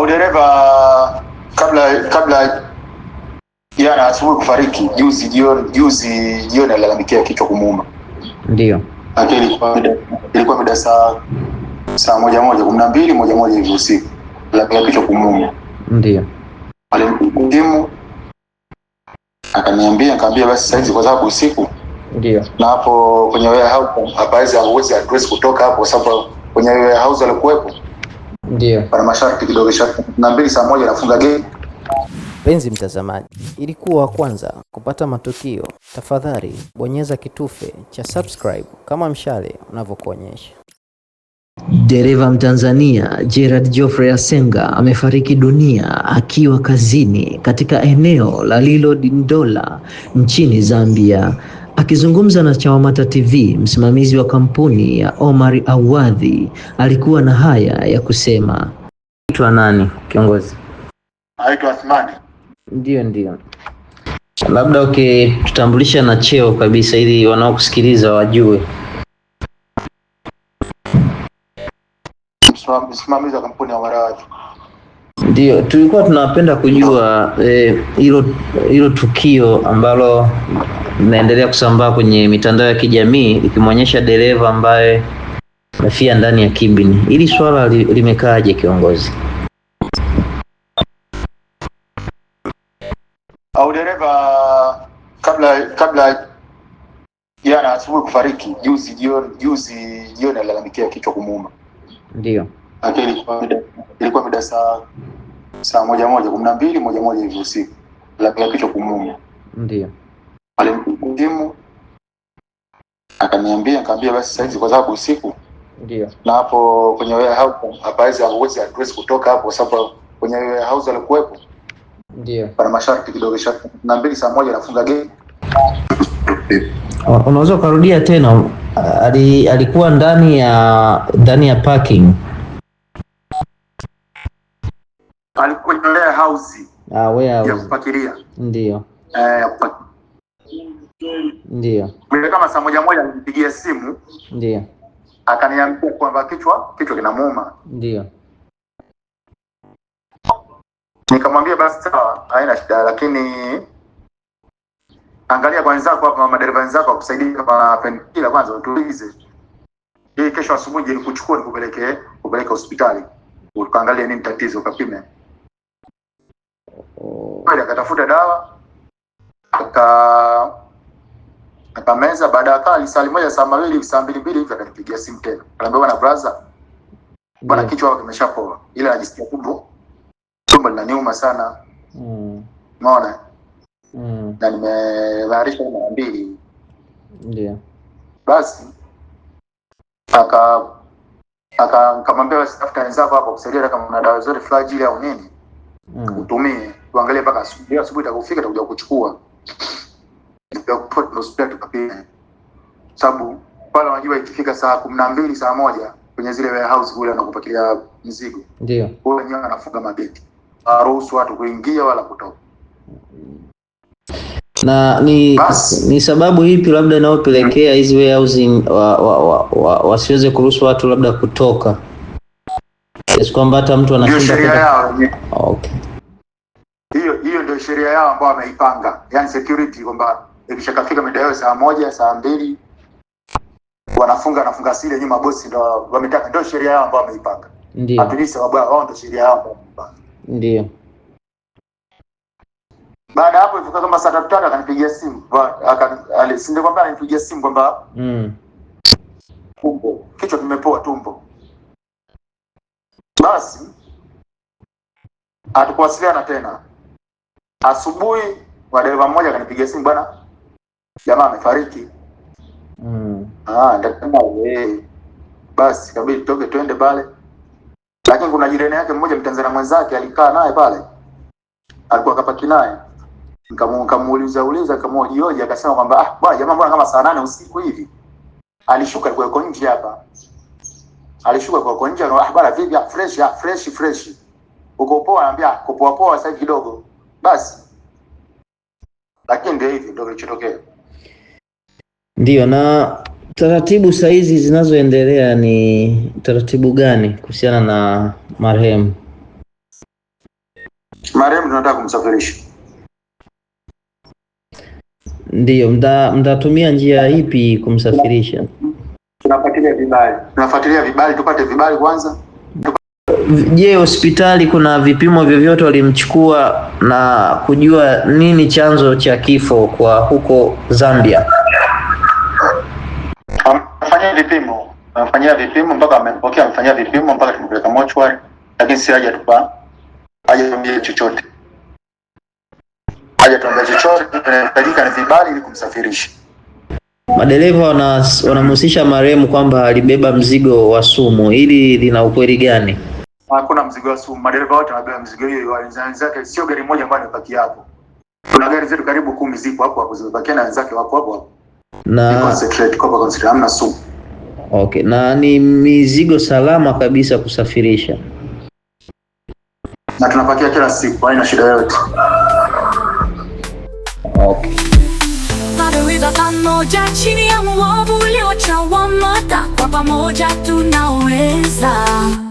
au dereva kabla kabla jana asubuhi kufariki, juzi jioni, juzi jioni alalamikia kichwa kumuuma, ndio ilikuwa mida saa saa moja moja kumi na mbili moja moja hivi usiku, alalamikia kichwa kumuuma, ndio alimpimu akaniambia, akaambia basi saizi kwa sababu usiku ndio na hapo kwenye warehouse hapawezi, hatuwezi kutoka hapo kwa sababu kwenye warehouse alikuwepo ndio pana masharti kidogo, sharti na mbili saa moja nafunga game. Mpenzi mtazamaji, ili kuwa wa kwanza kupata matukio, tafadhali bonyeza kitufe cha subscribe kama mshale unavyokuonyesha. Dereva Mtanzania Gerard Geoffrey Asenga amefariki dunia akiwa kazini katika eneo la Dindola nchini Zambia. Akizungumza na Chawamata TV, msimamizi wa kampuni ya Omar Awadhi alikuwa na haya ya kusema. Naitwa nani kiongozi? Naitwa Asmani. Ndio, ndio. Labda ukitutambulisha okay, na cheo kabisa ili wanaokusikiliza wajue. Msimamizi wa kampuni ya Omar Awadhi. Ndio, tulikuwa tunapenda kujua eh, hilo eh, hilo tukio ambalo inaendelea kusambaa kwenye mitandao ya kijamii ikimwonyesha dereva ambaye nafia ndani ya kibini. Hili swala li, limekaaje kiongozi? Au dereva kabla kabla jana asubuhi kufariki, juzi jioni, juzi jioni alalamikia kichwa kumuuma, ndio ilikuwa mida saa saa moja moja kumi na mbili moja moja hivi usiku, alalamikia kichwa kumuuma, ndio alimpigia akaniambia, akaambia basi sasa hizi kwa sababu usiku ndio na hapo kwenye warehouse hapawezi, hawezi address kutoka hapo, sababu kwenye warehouse alikuwepo, ndio pana masharti kidogo, sharti na mbili saa moja nafunga gate. Unaweza kurudia tena? Ali, alikuwa ndani ya ndani ya parking, alikuwa kwenye warehouse ah, warehouse ya kupakiria, ndio eh, kupakiria ndio. Mimi kama saa moja moja nilimpigia simu. Ndio. Akaniambia kwamba kichwa kichwa kinamuuma. Ndio. Nikamwambia basi sawa, haina shida, lakini angalia kwa wenzako hapa, madereva wenzako wakusaidia kwa penkila kwanza, utulize hii. Kesho asubuhi kuchukua nikupeleke kupeleke hospitali ukaangalia nini tatizo, ukapime. Oh. Kweli akatafuta dawa aka nikameza. Baada ya kali saa moja saa mawili saa mbili mbili hivi akanipigia simu tena, kaniambia bwana brother, bwana kichwa kimeshapoa, ila najisikia tumbo tumbo linaniuma sana mm. umeona mm. na nimelaharisha mara mbili ndio yeah. Basi aka aka nikamwambia basi tafuta wenzako hapo kusaidia, kama una dawa zote flagile au nini mm. utumie, tuangalie mpaka asubuhi. Asubuhi itakufika itakuja kuchukua prospect tukapime, sababu pale wanajua ikifika saa kumi na mbili saa moja kwenye zile warehouse kule wanakupakia mzigo, ndio wao wenyewe wanafunga mageti, hawaruhusu watu kuingia wala kutoka. Na ni Bas, ni sababu ipi labda inayopelekea hmm. hizi warehouse wa, wa, wa, wa, wasiweze kuruhusu watu labda kutoka kiasi kwamba hata mtu anashinda sheria yao okay. Hiyo hiyo ndio sheria yao ambao wameipanga, yani security kwamba ikishakafika mida yao saa moja saa mbili wanafunga nafunga sile nyuma, bosi ndo wametaka, ndo sheria yao ambao wameipanga, ndio hatujui sababu yao, wao ndio sheria yao ambao wameipanga. Ndio baada hapo ifika kama saa tatu tatu, akanipigia simu alisinde kwamba anipigia simu kwamba mm, tumbo kichwa kimepoa tumbo. Basi hatukuwasiliana tena. Asubuhi madereva mmoja akanipigia simu bwana jamaa amefariki mm. Ah, ndakasema we basi kabidi toke twende pale, lakini kuna jirani yake mmoja mtanzania mwenzake alikaa naye pale, alikuwa kapaki naye nikamuuliza uliza kama jioje, akasema kwamba ah, bwana jamaa, mbona kama saa nane usiku hivi alishuka, alikuwa yuko nje hapa, alishuka kwa kwa nje, ah bwana, vipi? Ah, fresh ah, fresh fresh, uko poa? Anambia kupoa poa sasa kidogo, basi. Lakini ndio hivi ndio kilichotokea. Ndiyo, na taratibu saizi zinazoendelea ni taratibu gani kuhusiana na marehemu? Marehemu tunataka kumsafirisha. Ndiyo, mtatumia njia ipi kumsafirisha? Tunafuatilia vibali, tunafuatilia vibali, tupate vibali kwanza. Je, hospitali kuna vipimo vyovyote walimchukua na kujua nini chanzo cha kifo kwa huko Zambia? amemfanyia vipimo mpaka amepokea, amfanyia vipimo mpaka tumpeleka mochwari, lakini si haja tupa haja tuambie chochote, haja tuambie chochote. Tunahitajika ni vibali ili kumsafirisha. Madereva wanamhusisha marehemu kwamba alibeba mzigo wa sumu, ili lina ukweli gani? Hakuna mzigo wa sumu, madereva wote wanabeba mzigo hiyo, wenzake. Sio gari moja ambayo inapaki hapo, kuna gari zetu karibu kumi zipo hapo hapo zimebakia na wenzake wapo hapo hapo na concentrate kwa concentrate, hamna sumu Okay, na ni mizigo salama kabisa kusafirisha na tunapakia kila siku, haina shida yoyote. Okay. Tunaweza chini ya mwavuli wa CHAWAMATA, kwa pamoja tunaweza.